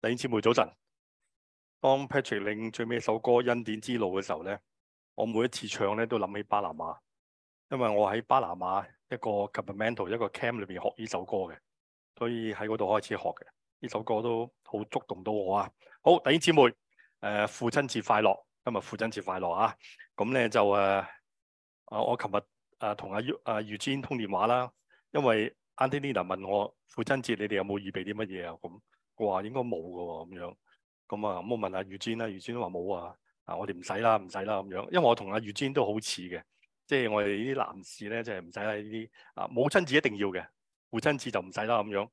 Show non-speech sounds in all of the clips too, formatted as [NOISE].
弟兄姊妹早晨。當 Patrick 領最尾一首歌《恩典之路》嘅時候咧，我每一次唱咧都諗起巴拿馬，因為我喺巴拿馬一個 Campamento 一個 camp 裏邊學呢首歌嘅，所以喺嗰度開始學嘅。呢首歌都好觸動到我啊！好，弟兄姊妹，誒，父親節快樂，今日父親節快樂啊！咁咧就誒，我我琴日誒同阿阿 Eugene 通電話啦，因為 Antonia 問我父親節你哋有冇預備啲乜嘢啊？咁。話應該冇㗎喎，咁樣，咁啊，咁我問阿月尊啦，月尊都話冇啊，啊，我哋唔使啦，唔使啦，咁樣，因為我同阿月尊都好似嘅，即係我哋啲男士咧，即係唔使呢啲，啊，母親節一定要嘅，父親節就唔使啦，咁樣，咁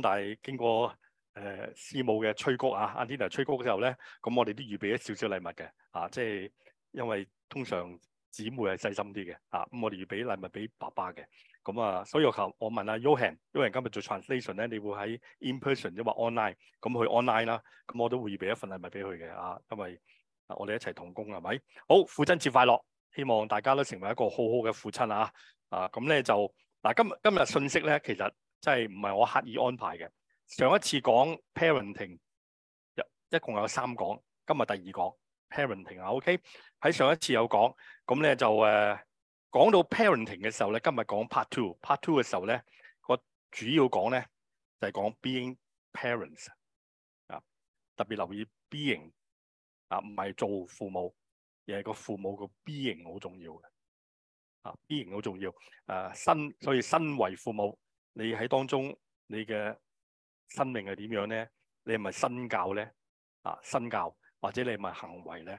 但係經過誒師母嘅催谷啊，阿 Tina 催谷嘅時候咧，咁我哋都預備一少少禮物嘅，啊，即係因為通常姊妹係細心啲嘅，啊，咁我哋預備禮物俾爸爸嘅。咁啊，所以我求我問阿 Yohan，Yohan 今日做 translation 咧，你會喺 in-person 抑或 online？咁去 online 啦，咁我都會俾一份禮物俾佢嘅啊，因為我哋一齊同工係咪？好，父親節快樂！希望大家都成為一個好好嘅父親啊！啊咁咧就嗱，今日今日信息咧，其實真係唔係我刻意安排嘅。上一次講 parenting，一一共有三講，今日第二講 parenting 啊，OK？喺上一次有講，咁咧就誒。講到 parenting 嘅時候咧，今日講 part two。part two 嘅時候咧，我主要講咧就係、是、講 being parents 啊，特別留意 being 啊，唔係做父母，而係個父母個 being 好重要嘅啊，being 好重要啊。身所以身為父母，你喺當中你嘅生命係點樣咧？你係咪身教咧？啊，身教或者你係咪行為咧？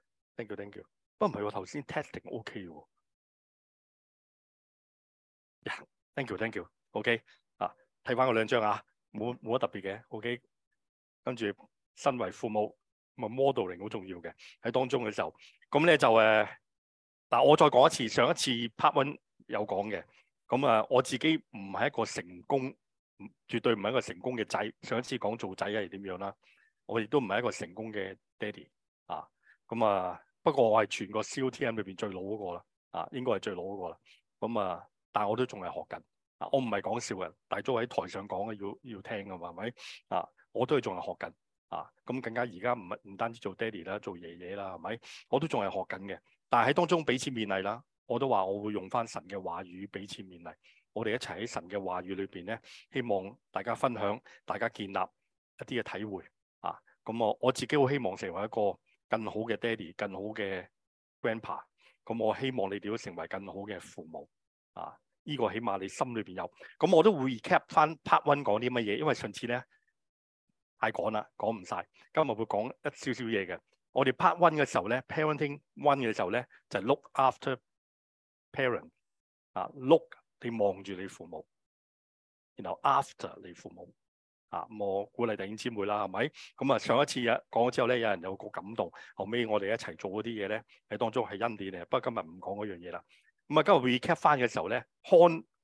thank you thank you，不過唔係喎，頭先 testing O K 喎，thank you thank you，O、okay? K 啊，睇翻個兩張啊，冇冇乜特別嘅，O K，跟住身為父母咪、嗯、modeling 好重要嘅喺當中嘅時候，咁咧就誒，嗱、啊啊、我再講一次，上一次 part one 有講嘅，咁啊我自己唔係一個成功，絕對唔係一個成功嘅仔，上一次講做仔係點樣啦，我亦都唔係一個成功嘅 daddy 啊，咁啊～啊不過我係全個 COTM 裏邊最老嗰個啦，啊，應該係最老嗰個啦。咁啊，但係我都仲係學緊，我唔係講笑嘅。但係都喺台上講嘅要要聽㗎嘛，係咪啊？我都係仲係學緊啊。咁更加而家唔係唔單止做爹哋啦，做爺爺啦，係咪？我都仲係學緊嘅。但係喺當中彼此勉勵啦，我都話我會用翻神嘅話語彼此勉勵。我哋一齊喺神嘅話語裏邊咧，希望大家分享，大家建立一啲嘅體會啊。咁我我自己好希望成為一個更好嘅爹哋，更好嘅 grandpa，咁我希望你哋都成為更好嘅父母啊！呢、這個起碼你心裏邊有，咁、啊、我都會 recap 翻 part one 講啲乜嘢，因為上次咧太講啦，講唔晒，今日會講一少少嘢嘅。我哋 part one 嘅時候咧，parenting one 嘅時候咧，就係、是、look after parent 啊，look 你望住你父母，然後 after 你父母。啊！我鼓勵弟兄姊妹啦，係咪？咁啊，上一次啊講咗之後咧，有人有個感動。後尾我哋一齊做嗰啲嘢咧，喺當中係恩典嚟。不過今日唔講嗰樣嘢啦。咁啊，今日 recap 翻嘅時候咧，看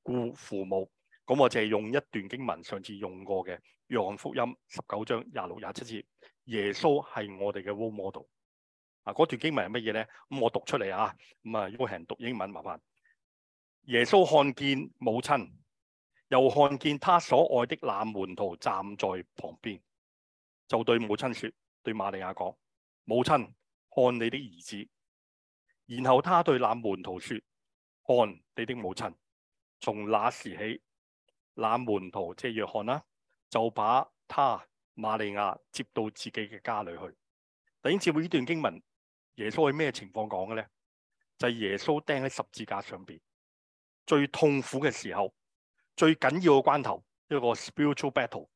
顧父母，咁我淨係用一段經文，上次用過嘅《約翰福音》十九章廿六廿七節。耶穌係我哋嘅 role model。啊，嗰段經文係乜嘢咧？咁我讀出嚟啊。咁啊，如果係人讀英文，麻煩。耶穌看見母親。又看見他所愛的那門徒站在旁邊，就對母親說：，對瑪利亞講，母親，看你的兒子。然後他對那門徒說：，看你的母親。從那時起，那門徒即係約翰啦，就把他瑪利亞接到自己嘅家裏去。等於接會呢段經文，耶穌喺咩情況講嘅咧？就係、是、耶穌釘喺十字架上邊，最痛苦嘅時候。最緊要嘅關頭，一個 spiritual battle，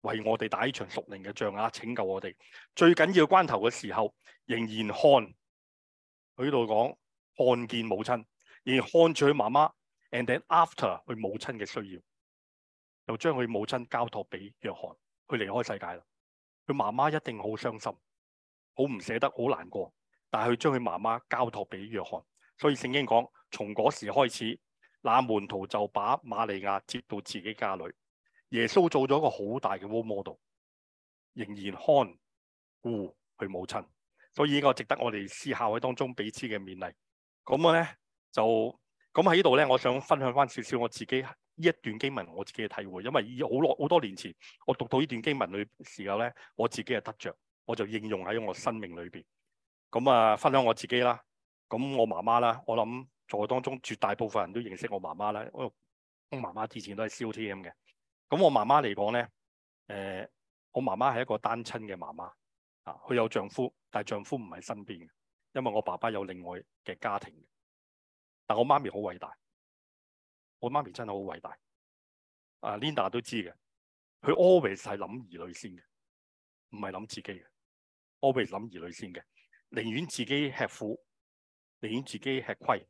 為我哋打呢場屬靈嘅仗啊！拯救我哋。最緊要嘅關頭嘅時候，仍然看，佢喺度講看見母親，仍然看住佢媽媽，and then after 佢母親嘅需要，又將佢母親交託俾約翰，佢離開世界啦。佢媽媽一定好傷心，好唔捨得，好難過。但係佢將佢媽媽交託俾約翰，所以聖經講從嗰時開始。那門徒就把瑪利亞接到自己家裏。耶穌做咗個好大嘅 role model，仍然看顧佢母親。所以呢個值得我哋思考喺當中彼此嘅勉勵。咁咧就咁喺呢度咧，我想分享翻少少我自己呢一段經文我自己嘅體會。因為好耐好多年前我讀到呢段經文裏時候咧，我自己係得着，我就應用喺我生命裏邊。咁啊，分享我自己啦。咁我媽媽啦，我諗。在當中，絕大部分人都認識我媽媽咧。我媽媽之前都係 COTM 嘅。咁我媽媽嚟講咧，誒、呃，我媽媽係一個單親嘅媽媽啊。佢有丈夫，但係丈夫唔喺身邊嘅，因為我爸爸有另外嘅家庭嘅。但我媽咪好偉大，我媽咪真係好偉大。啊，Linda 都知嘅，佢 always 係諗兒女先嘅，唔係諗自己嘅，always 諗兒女先嘅，寧願自己吃苦，寧願自己吃虧。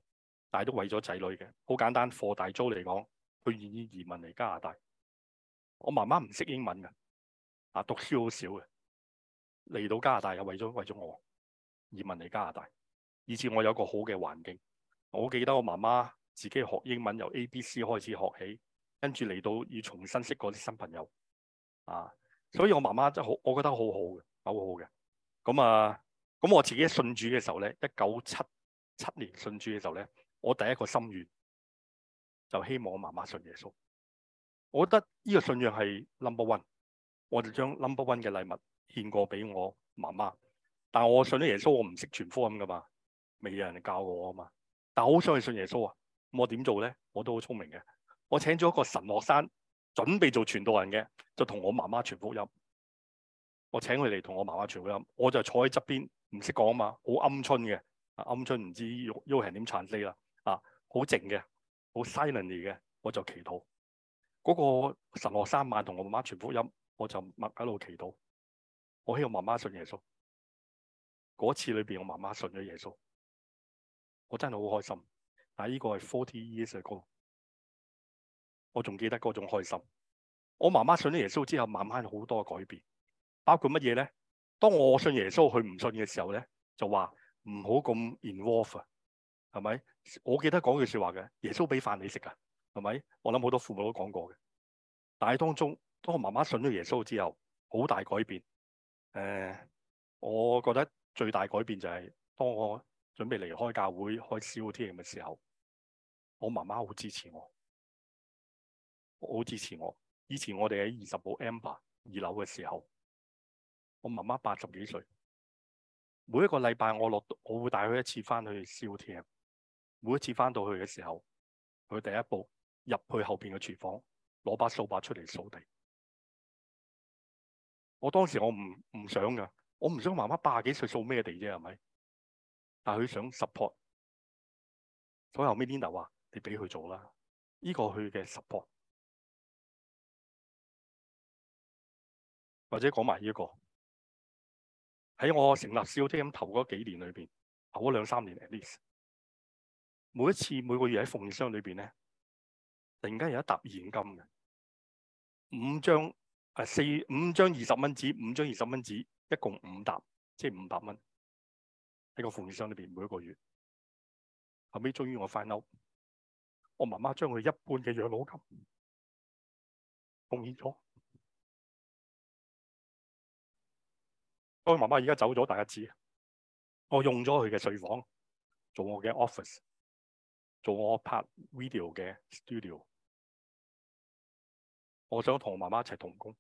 但係都為咗仔女嘅。好簡單，貨大租嚟講，佢願意移民嚟加拿大。我媽媽唔識英文嘅，啊，讀書好少嘅，嚟到加拿大係為咗為咗我移民嚟加拿大，以至我有個好嘅環境。我記得我媽媽自己學英文，由 A、B、C 開始學起，跟住嚟到要重新識過啲新朋友，啊，所以我媽媽真好，我覺得好好嘅，好好嘅。咁啊，咁我自己信主嘅時候咧，一九七七年信主嘅時候咧。我第一個心願就希望我媽媽信耶穌。我覺得呢個信仰係 number one，我就將 number one 嘅禮物獻過俾我媽媽。但我信咗耶穌，我唔識傳福音㗎嘛，未有人教過我啊嘛。但係我好想去信耶穌啊，咁我點做咧？我都好聰明嘅，我請咗一個神學生準備做傳道人嘅，就同我媽媽傳福音。我請佢嚟同我媽媽傳福音，我就坐喺側邊唔識講啊嘛，好鵪鶉嘅啊鵪鶉唔知 u 型點撐死啦。好靜嘅，好 silently 嘅，我就祈禱嗰、那個神學三晚同我媽媽傳福音，我就默喺度祈禱。我希望媽媽信耶穌嗰次裏邊，我媽媽信咗耶穌，我真係好開心。但係呢個係 forty years ago，我仲記得嗰種開心。我媽媽信咗耶穌之後，慢慢好多改變，包括乜嘢咧？當我信耶穌，佢唔信嘅時候咧，就話唔好咁 involve，係咪？我記得講句說話嘅，耶穌俾飯你食噶，係咪？我諗好多父母都講過嘅，但係當中，當我媽媽信咗耶穌之後，好大改變。誒、呃，我覺得最大改變就係、是、當我準備離開教會開 CUTM 嘅時候，我媽媽好支持我，好支持我。以前我哋喺二十號 Amber 二樓嘅時候，我媽媽八十幾歲，每一個禮拜我落，我會帶佢一次返去 CUTM。每一次翻到去嘅時候，佢第一步入去後邊嘅廚房，攞把掃把出嚟掃地。我當時我唔唔想噶，我唔想媽媽八十幾歲掃咩地啫，係咪？但係佢想 support。所以後尾 Linda 話：你俾佢做啦，呢個佢嘅 support。或者講埋呢一個，喺我成立 COTM 頭嗰幾年裏邊，頭嗰兩三年 at least。每一次每個月喺奉獻箱裏邊咧，突然間有一沓現金嘅，五張啊四五張二十蚊紙，五張二十蚊紙，一共五沓，即係五百蚊喺個奉獻箱裏邊。每一個月，後尾終於我翻屋，我媽媽將佢一半嘅養老金奉獻咗。我媽媽而家走咗大家知，我用咗佢嘅睡房做我嘅 office。做我拍 video 嘅 studio，我想同我媽媽一齊同工。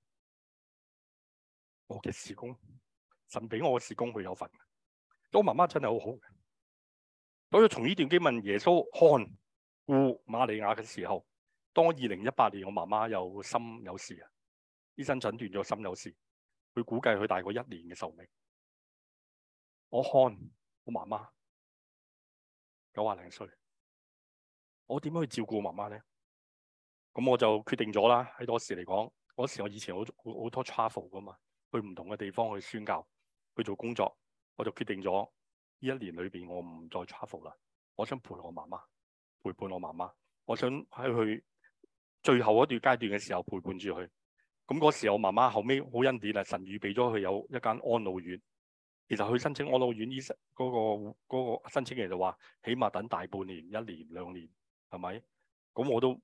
我嘅事工，神俾我嘅事工，佢有份。我媽媽真係好好嘅。所以從呢段經文耶穌看顧瑪利亞嘅時候，當二零一八年我媽媽有心有事啊，醫生診斷咗心有事，佢估計佢大過一年嘅壽命。我看我媽媽九啊零歲。我點樣去照顧媽媽咧？咁我就決定咗啦。喺嗰時嚟講，嗰時我以前好好好多 travel 噶嘛，去唔同嘅地方去宣教，去做工作。我就決定咗呢一年裏邊，我唔再 travel 啦。我想陪我媽媽，陪伴我媽媽。我想喺佢最後一段階段嘅時候陪伴住佢。咁嗰時我媽媽後尾好恩典啊！神預備咗佢有一間安老院。其實佢申請安老院，醫生嗰個申請人就話起碼等大半年、一年、兩年。係咪？咁我都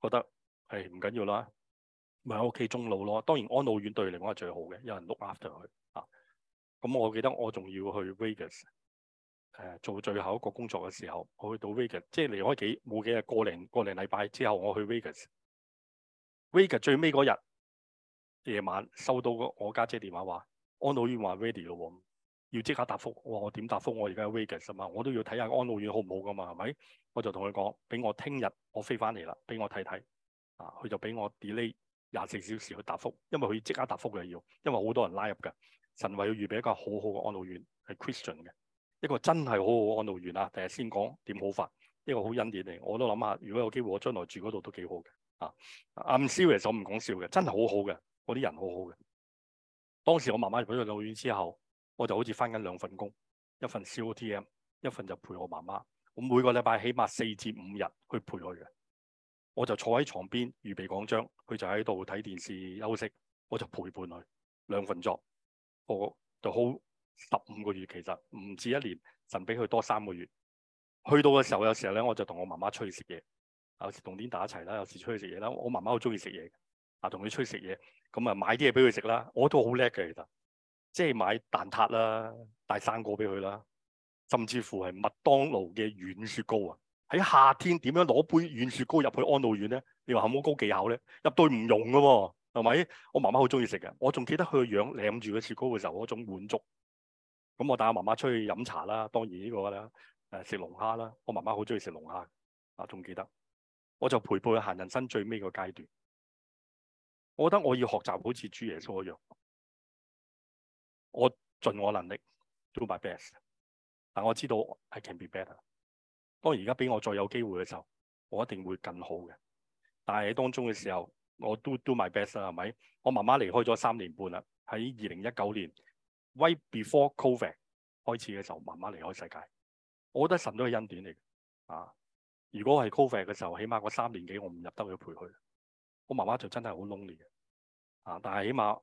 覺得、哎、係唔緊要啦，咪喺屋企中路咯。當然安老院對佢嚟講係最好嘅，有人 look after 佢啊。咁我記得我仲要去 Vegas 誒、啊、做最後一個工作嘅時候，我去到 Vegas，即係離開幾冇幾日，過零過零禮拜之後，我去 Vegas。Vegas 最尾嗰日夜晚收到我家姐，姐電話話，安老院話 ready 咯，要即刻答覆。我點答覆？我而家喺 Vegas 吖嘛，我都要睇下安老院好唔好噶嘛，係咪？我就同佢講，俾我聽日我飛翻嚟啦，俾我睇睇。啊，佢就俾我 delay 廿四小時去答覆，因為佢即刻答覆又要，因為好多人拉入嘅。神為要預備一個好好嘅安老院，係 Christian 嘅，一個真係好好嘅安老院啊！第日先講點好法，一個好恩典嚟。我都諗下，如果有機會，我將來住嗰度都幾好嘅。啊，I'm serious，我唔講笑嘅，真係好好嘅，嗰啲人好好嘅。當時我媽媽入咗安老院之後，我就好似翻緊兩份工，一份 COTM，一份就陪我媽媽。我每個禮拜起碼四至五日去陪佢嘅，我就坐喺床邊預備講章，佢就喺度睇電視休息，我就陪伴佢兩份作，我就好十五個月其實唔止一年，甚至比佢多三個月。去到嘅時候，有時候咧我就同我媽媽出去食嘢，有時同啲打一齊啦，有時出去食嘢啦。我媽媽好鍾意食嘢，啊同佢出去食嘢，咁啊買啲嘢俾佢食啦。我都好叻嘅，其實即係買蛋撻啦，帶生果俾佢啦。甚至乎係麥當勞嘅軟雪糕啊！喺夏天點樣攞杯軟雪糕入去安老院咧？你話有冇高技巧咧？入到唔融噶喎，係咪？我媽媽好中意食嘅，我仲記得佢個樣舐住個雪糕嘅時候嗰種滿足。咁我帶我媽媽出去飲茶啦，當然呢個啦，誒食龍蝦啦，我媽媽好中意食龍蝦。啊，仲記得，我就陪伴佢行人生最尾個階段。我覺得我要學習好似主耶穌一樣，我盡我能力 do my best。但我知道 I can be better。當而家俾我再有機會嘅時候，我一定會更好嘅。但係喺當中嘅時候，我都 do, do my best 啦，係咪？我媽媽離開咗三年半啦，喺二零一九年 way before COVID 開始嘅時候，媽媽離開世界。我覺得神都係恩典嚟嘅。啊，如果係 COVID 嘅時候，起碼嗰三年幾我唔入得去陪佢。我媽媽就真係好 lonely 嘅。啊，但係起碼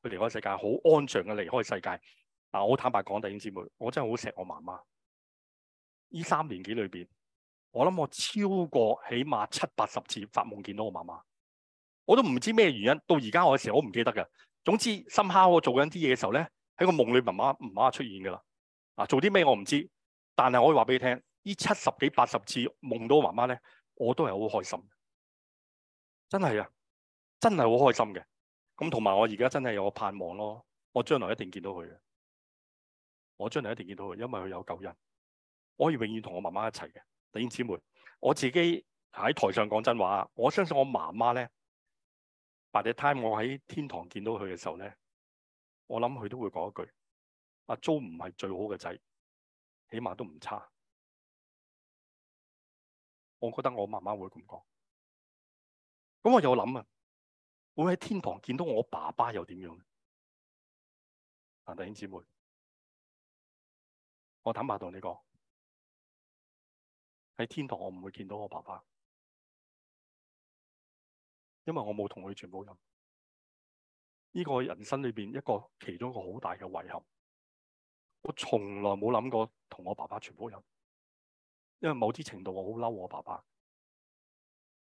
佢離開世界好安詳嘅離開世界。嗱，我好坦白講，弟兄姊妹，我真係好錫我媽媽。呢三年幾裏邊，我諗我超過起碼七八十次發夢見到我媽媽，我都唔知咩原因。到而家我嘅時候，我都唔記得嘅。總之，深刻我做緊啲嘢嘅時候咧，喺個夢裏，媽媽、媽媽出現噶啦。啊，做啲咩我唔知，但係我可以話俾你聽，呢七十幾、八十次夢到我媽媽咧，我都係好開心的。真係啊，真係好開心嘅。咁同埋我而家真係有個盼望咯，我將來一定見到佢嘅。我將來一定見到佢，因為佢有救恩，我可以永遠同我媽媽一齊嘅。弟兄姊妹，我自己喺台上講真話，我相信我媽媽咧，嗱，第 time 我喺天堂見到佢嘅時候咧，我諗佢都會講一句：阿 Joe 唔係最好嘅仔，起碼都唔差。我覺得我媽媽會咁講。咁我又諗啊，會喺天堂見到我爸爸又點樣咧？啊，弟兄姊妹。我坦白同你講，喺天堂我唔會見到我爸爸，因為我冇同佢傳福音。呢、這個人生裏邊一個其中一個好大嘅遺憾，我從來冇諗過同我爸爸傳福音，因為某啲程度我好嬲我爸爸。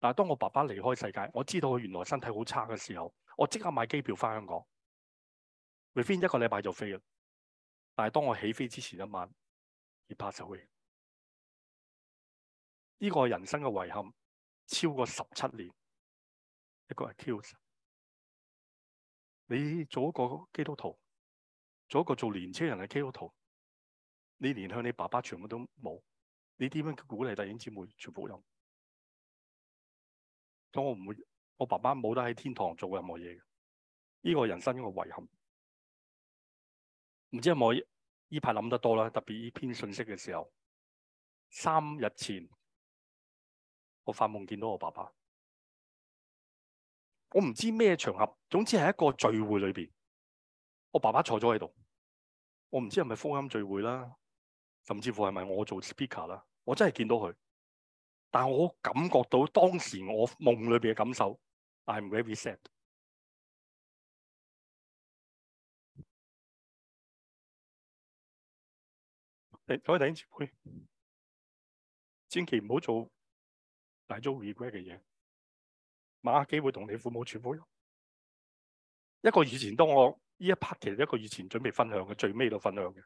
但係當我爸爸離開世界，我知道佢原來身體好差嘅時候，我即刻買機票翻香港，within 一個禮拜就飛啦。但係當我起飛之前一晚。你爸就會呢個人生嘅遺憾超過十七年，一個係 kills。你做一個基督徒，做一個做年青人嘅基督徒，你連向你爸爸全部都冇，你點樣鼓勵弟兄姊妹全部有？咁我唔會，我爸爸冇得喺天堂做任何嘢嘅。呢、這個人生一個遺憾，唔知有冇？呢排諗得多啦，特別呢篇信息嘅時候。三日前，我發夢見到我爸爸。我唔知咩場合，總之係一個聚會裏邊，我爸爸坐咗喺度。我唔知係咪福音聚會啦，甚至乎係咪我做 speaker 啦。我真係見到佢，但係我感覺到當時我夢裏邊嘅感受，I'm very sad。睇巴拿馬第一千祈唔好做大咗會 e g r e t 嘅嘢，把握機會同你父母全部一個以前，當我呢一 part 其實一個以前準備分享嘅最尾度分享嘅，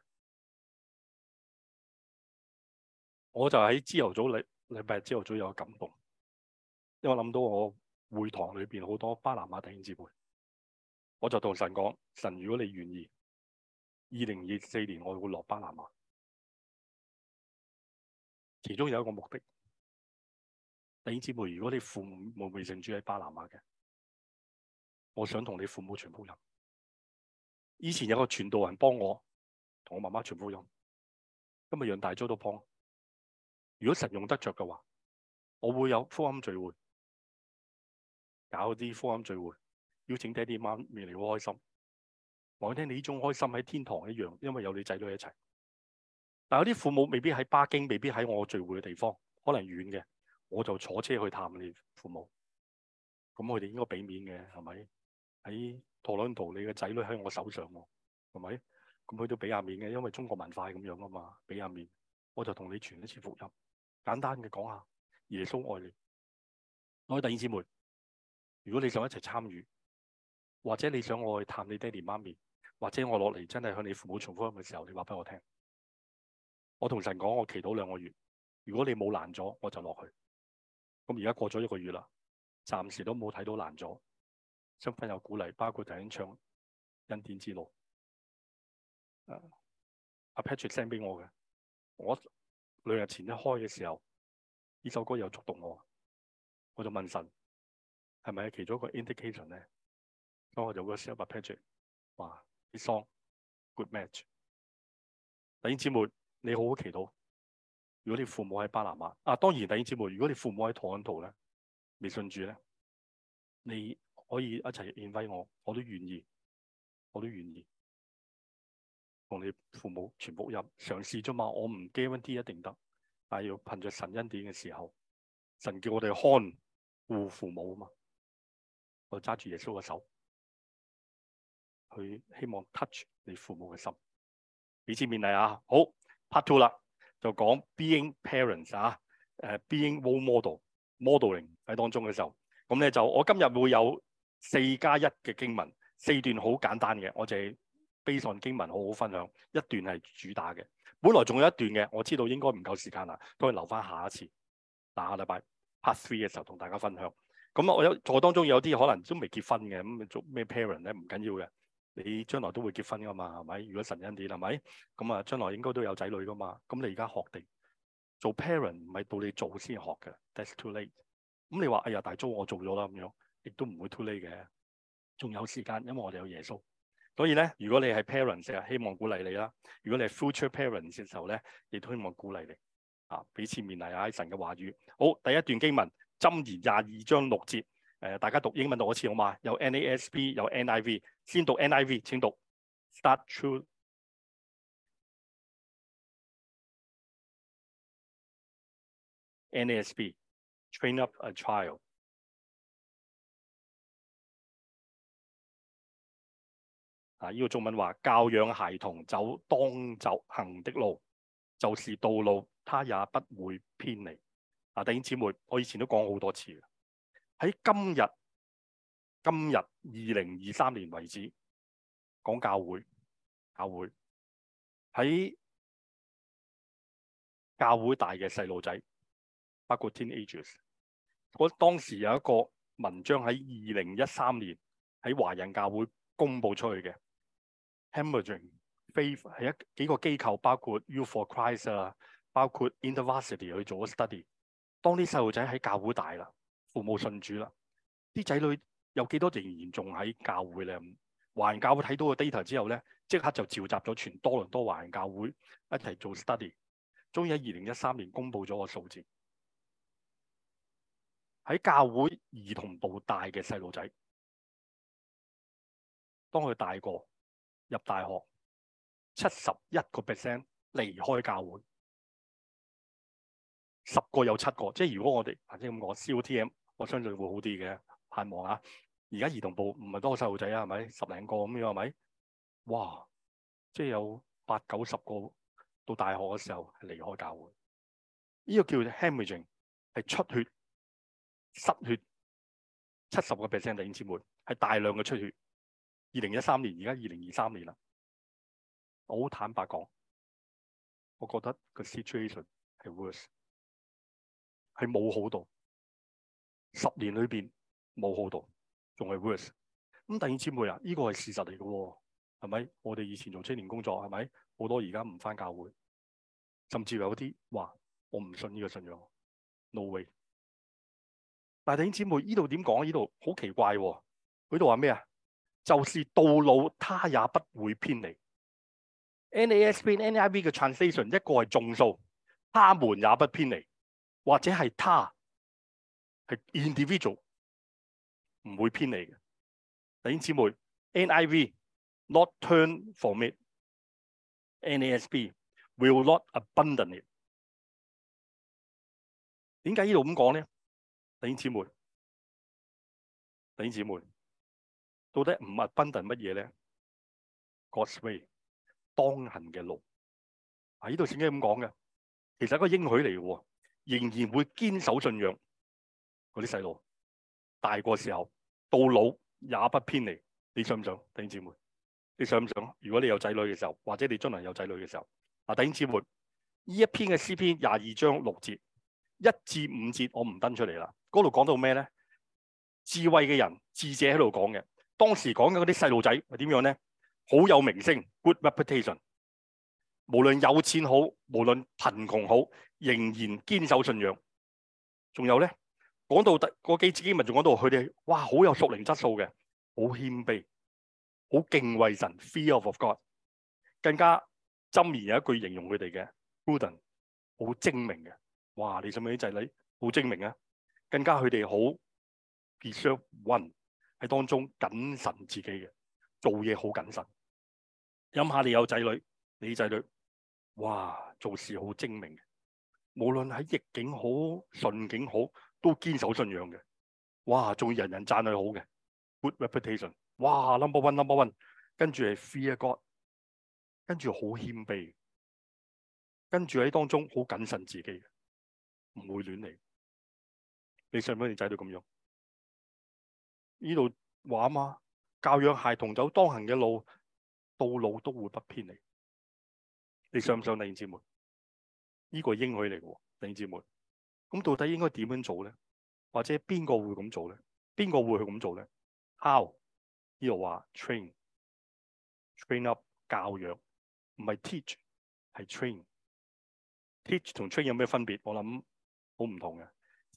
我就喺朝頭早禮禮拜朝頭早有個感動，因為我諗到我會堂裏邊好多巴拿馬第兄姊妹，我就同神講：神，如果你願意，二零二四年我會落巴拿馬。其中有一個目的，弟兄姊妹，如果你父母未信主喺巴拿馬嘅，我想同你父母傳福音。以前有個傳道人幫我同我媽媽傳福音，今日養大都都幫。如果神用得着嘅話，我會有福音聚會，搞啲福音聚會，邀請爹哋媽咪嚟，好開心。我想聽你呢種開心喺天堂一樣，因為有你仔女一齊。但有啲父母未必喺巴京，未必喺我聚會嘅地方，可能遠嘅，我就坐車去探你父母。咁佢哋應該俾面嘅，係咪？喺托倫圖，你嘅仔女喺我手上，係咪？咁佢都俾下面嘅，因為中國文化咁樣啊嘛，俾下面，我就同你傳一次福音，簡單嘅講下，耶穌愛你。各位弟兄姊妹，如果你想一齊參與，或者你想我去探你爹哋媽咪，或者我落嚟真係向你父母重福音嘅時候，你話俾我聽。我同神講，我祈禱兩個月，如果你冇難咗，我就落去。咁而家過咗一個月啦，暫時都冇睇到難咗，身份有鼓勵，包括就喺唱恩典之路。阿、啊、Patrick send 畀我嘅，我兩日前一開嘅時候，呢首歌又觸動我，我就問神，係咪係其中一個 indication 咧？咁我就有個小朋友 Patrick 話啲 song good match，第啲姊妹。你好好祈禱。如果你父母喺巴拿馬啊，當然弟兄姊妹，如果你父母喺唐灣島咧，未信主咧，你可以一齊獻揮我，我都願意，我都願意同你父母全部入嘗試啫嘛。我唔驚呢啲一定得，但係要憑着神恩典嘅時候，神叫我哋看護父母啊嘛。我揸住耶穌嘅手，去希望 touch 你父母嘅心，俾次勉勵啊，好。Part two 啦，就講 being parents 啊、uh，being role model，modeling 喺當中嘅時候，咁咧就我今日會有四加一嘅經文，四段好簡單嘅，我哋 basic 經文好好分享，一段係主打嘅。本來仲有一段嘅，我知道應該唔夠時間啦，都係留翻下一次，嗱下禮拜 Part three 嘅時候同大家分享。咁我有我當中有啲可能都未結婚嘅，咁做咩 parent 咧？唔緊要嘅。你將來都會結婚噶嘛，係咪？如果神恩典，係咪？咁啊，將來應該都有仔女噶嘛。咁你而家學定做 parent，唔係到你做先學嘅。That's too late。咁你話哎呀，大租我做咗啦，咁樣亦都唔會 too late 嘅，仲有時間。因為我哋有耶穌，所以咧，如果你係 parent，成日希望鼓勵你啦；如果你係 future parent 嘅時候咧，亦都希望鼓勵你，啊，彼此勉勵下神嘅話語。好，第一段經文，箴言廿二章六節，誒、呃，大家讀英文讀一次好嘛？有 NASB，有 NIV。先讀 NIV，請讀 Start true NASB，Train up a child。啊，依、呢個中文話教養孩童走當走行的路，就是道路，他也不會偏離。啊，弟兄姊妹，我以前都講好多次喇。喺今日。今日二零二三年為止講教會教會喺教會大嘅細路仔，包括 teenagers。我當時有一個文章喺二零一三年喺華人教會公布出去嘅。Hemorrhaging Faith 係一幾個機構，包括 Youth for Christ 啦，包括 InterVarsity 去做 study。當啲細路仔喺教會大啦，父母信主啦，啲仔女。有幾多仍然仲喺教會咧？華人教會睇到個 data 之後咧，即刻就召集咗全多倫多華人教會一齊做 study。終於喺二零一三年公布咗個數字，喺教會兒童部大嘅細路仔，當佢大個入大學，七十一個 percent 離開教會，十個有七個。即係如果我哋，或者咁講，COTM，我相信會好啲嘅。盼望啊！而家兒童部唔係多個細路仔啊，係咪十零個咁樣？係咪？哇！即係有八九十個到大學嘅時候係離開教會，呢個叫 haemorrhaging 係出血、失血，七十個 percent 的姊妹係大量嘅出血。二零一三年，而家二零二三年啦，我好坦白講，我覺得個 situation 係 worse，係冇好到。十年裏邊。冇好到，仲係 worse。咁弟兄姊妹啊，呢個係事實嚟嘅喎，係咪？我哋以前做青年工作，係咪好多而家唔翻教會，甚至有啲話我唔信呢個信仰。No way！但弟兄姊妹，呢度點講呢度好奇怪喎？佢度話咩啊？就是到老，他也不會偏離。NASB、NIV 嘅 translation 一個係眾數，他們也不偏離，或者係他係 individual。是 individual，唔會偏離嘅，弟兄姊妹，NIV not turn for me NASB will not abandon it。點解呢度咁講咧？弟兄姊妹，弟兄姊妹，到底唔 abandon 乜嘢咧？God's way，當行嘅路，喺呢度點解咁講嘅。其實一個應許嚟嘅喎，仍然會堅守信仰嗰啲細路。大個時候到老也不偏離，你想唔想，弟兄姊妹？你想唔想？如果你有仔女嘅時候，或者你將來有仔女嘅時候，啊，弟兄姊妹，呢一篇嘅詩篇廿二章六節一至五節，節我唔登出嚟啦。嗰度講到咩咧？智慧嘅人智者喺度講嘅，當時講緊嗰啲細路仔係點樣咧？好有名聲 good reputation。無論有錢好，無論貧窮好，仍然堅守信仰。仲有咧？講到第嗰幾支經文到，仲講到佢哋哇，好有屬靈質素嘅，好謙卑，好敬畏神，Fear of God。更加箴言有一句形容佢哋嘅 prudent 好精明嘅。哇，你身邊啲仔女好精明啊！更加佢哋好 be sure one 喺當中謹慎自己嘅，做嘢好謹慎。諗下你有仔女，你仔女哇，做事好精明嘅，無論喺逆境好順境好。都堅守信仰嘅，哇！仲要人人讚佢好嘅，good reputation，哇！Number one，number one，跟住係 Fear God，跟住好謙卑，跟住喺當中好謹慎自己，唔會亂嚟。你信唔信你仔女咁樣？呢度話啊嘛，教養孩童走當行嘅路，道路都會不偏離。你信唔信？弟兄姐妹，依、這個係應許嚟嘅喎，弟兄姐妹。咁到底應該點樣做咧？或者邊個會咁做咧？邊個會去咁做咧？How 呢度話 train，train train up 教養，唔係 te teach，係 train。teach 同 train 有咩分別？我諗好唔同嘅。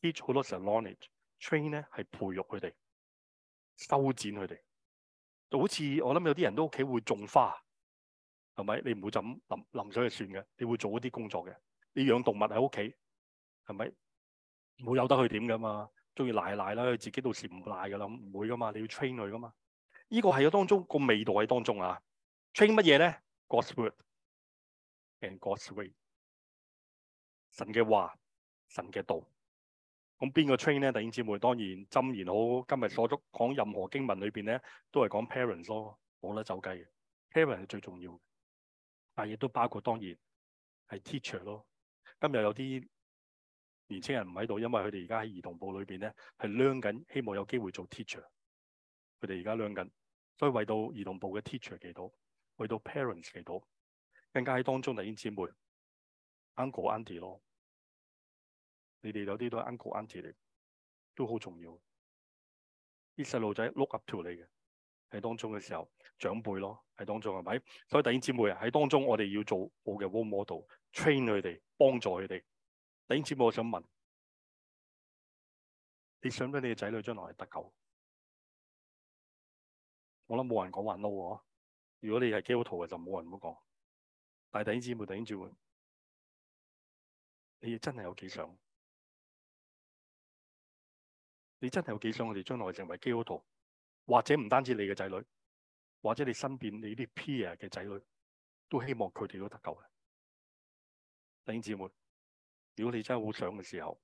teach 好多時候 knowledge，train 咧係培育佢哋，修剪佢哋。就好似我諗有啲人都屋企會種花，係咪？你唔會就咁淋淋水就算嘅，你會做一啲工作嘅。你養動物喺屋企，係咪？冇有得佢點噶嘛？中意奶奶啦，佢自己到時唔奶噶啦，唔會噶嘛。你要 train 佢噶嘛？呢、這個係啊，當中、這個味道喺當中啊。train 乜嘢咧？God's word and God's way。神嘅話，神嘅道。咁邊個 train 咧？弟兄姊妹當然針然好。今日所足講任何經文裏面咧，都係講 parents 咯，冇得走雞嘅。parents 係最重要嘅，但亦都包括當然係 teacher 咯。今日有啲年青人唔喺度，因為佢哋而家喺兒童部裏邊咧，係量緊希望有機會做 teacher。佢哋而家量緊，所以為到兒童部嘅 teacher 嚟祈禱，為到 parents 嚟祈禱，更加喺當中弟兄姊妹、uncle、auntie 咯。你哋有啲都係 uncle、auntie 嚟，都好重要。啲細路仔 look up to 你嘅喺當中嘅時候，長輩咯喺當中係咪？所以弟兄姊妹喺當中，我哋要做我嘅 role model，train 佢哋，幫助佢哋。弟兄姊妹，我想問：你想唔想你嘅仔女將來係得救的？我諗冇人講話 no 喎，如果你係基督徒嘅就冇人咁講。但弟兄姊妹，弟兄姊妹，你真係有幾想？你真係有幾想我哋將來成為基督徒，或者唔單止你嘅仔女，或者你身邊你啲 peer 嘅仔女，都希望佢哋都得救嘅。弟兄姊妹。如果你真係好想嘅時候，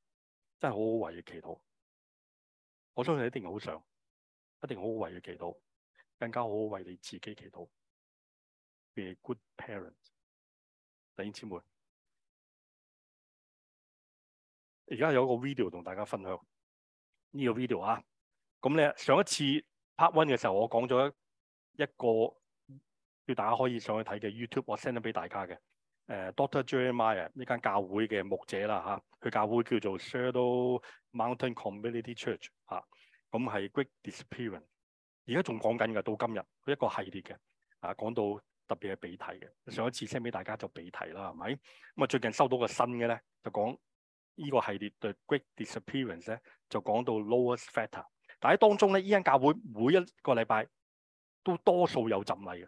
真係好好為你祈禱，我相信你一定好想，一定好好為你祈禱，更加好好為你自己祈禱，be a good parent。弟兄姊妹，而家有一個 video 同大家分享呢個 video 啊，咁咧上一次 part one 嘅時候，我講咗一個要大家可以上去睇嘅 YouTube，我 send 咗俾大家嘅。誒 Dr. Jeremiah 呢間教會嘅牧者啦嚇，佢教會叫做 Shadow Mountain Community Church 嚇，咁係 Great Disappearance，而家仲講緊㗎，到今日佢一個系列嘅嚇，講到特別係被提嘅，上一次 send 俾大家就被提啦係咪？咁啊最近收到個新嘅咧，就講依個系列對 Great Disappearance 咧，就講到 lowest factor。但喺當中咧，依間教會每一個禮拜都多數有浸禮嘅。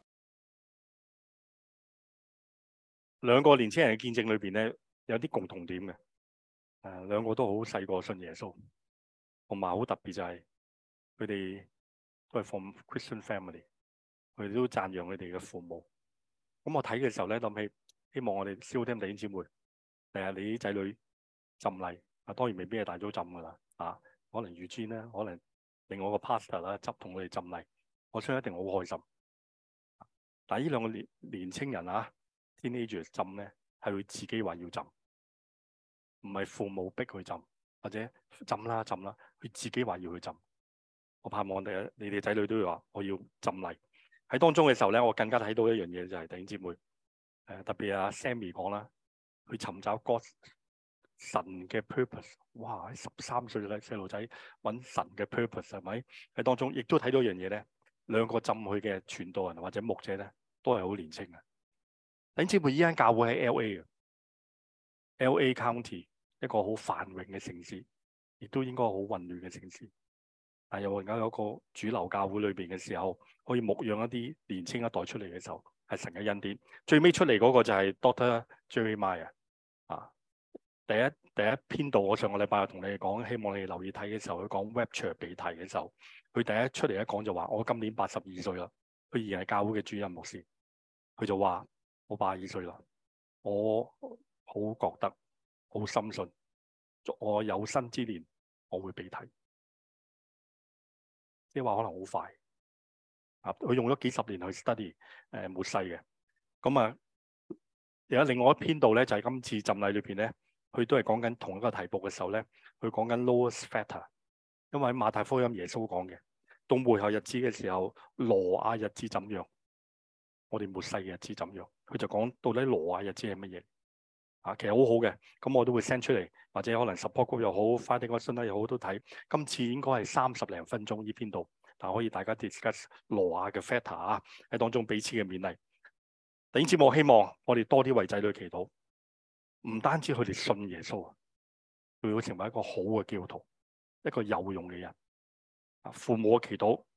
兩個年青人嘅見證裏邊咧，有啲共同點嘅。誒，兩個都好細個信耶穌，同埋好特別就係佢哋都係 from Christian family，佢哋都讚揚佢哋嘅父母。咁我睇嘅時候咧，諗起希望我哋燒天弟兄姊妹，第日你啲仔女浸禮啊，當然未必係大早浸噶啦，啊，可能預先咧，可能另外一個 pastor 啦執同佢哋浸禮，我相信一定好開心。啊、但係呢兩個年年青人啊。先呢住浸咧，係佢自己話要浸，唔係父母逼佢浸，或者浸啦浸啦，佢自己話要去浸。我盼望你你哋仔女都會話我要浸禮。喺當中嘅時候咧，我更加睇到一樣嘢就係弟兄姊妹，誒，特別阿 Sammy 講啦，去尋找 God 神嘅 purpose，哇，喺十三歲咧細路仔揾神嘅 purpose 係咪？喺當中亦都睇到一樣嘢咧，兩個浸佢嘅傳道人或者牧者咧，都係好年輕嘅。領子妹依間教會喺 L.A. 嘅，L.A. County 一個好繁榮嘅城市，亦都應該好混亂嘅城市。但又而家有一個主流教會裏邊嘅時候，可以牧養一啲年青一代出嚟嘅時候，係神嘅恩典。最尾出嚟嗰個就係 Doctor J. May 啊。啊，第一第一篇道我上個禮拜同你哋講，希望你哋留意睇嘅時候，佢講 Web Chair 被提嘅時候，佢第一出嚟一講就話：我今年八十二歲啦。佢仍然係教會嘅主任牧師。佢就話。我八十二歲啦，我好覺得，好深信，祝我有生之年我會被提。啲話可能好快，啊，佢用咗幾十年去 study，誒、呃，末世嘅。咁啊，有另外一篇度咧，就係、是、今次浸禮裏邊咧，佢都係講緊同一個題目嘅時候咧，佢講緊 Lawus f e t t e r 因為喺馬太福音耶穌講嘅，到末後日子嘅時候，羅亞日子怎樣？我哋末世嘅日子，怎樣，佢就講到底羅亞日子係乜嘢？啊，其實好好嘅，咁我都會 send 出嚟，或者可能 support group 又好 fighting 嗰啲信徒又好，都睇。今次應該係三十零分鐘呢邊度，但可以大家 discuss 羅亞嘅 fatter 啊，喺當中彼此嘅勉勵。第二節我希望我哋多啲為仔女祈禱，唔單止佢哋信耶穌，佢會成為一個好嘅基督徒，一個有用嘅人。啊，父母嘅祈禱。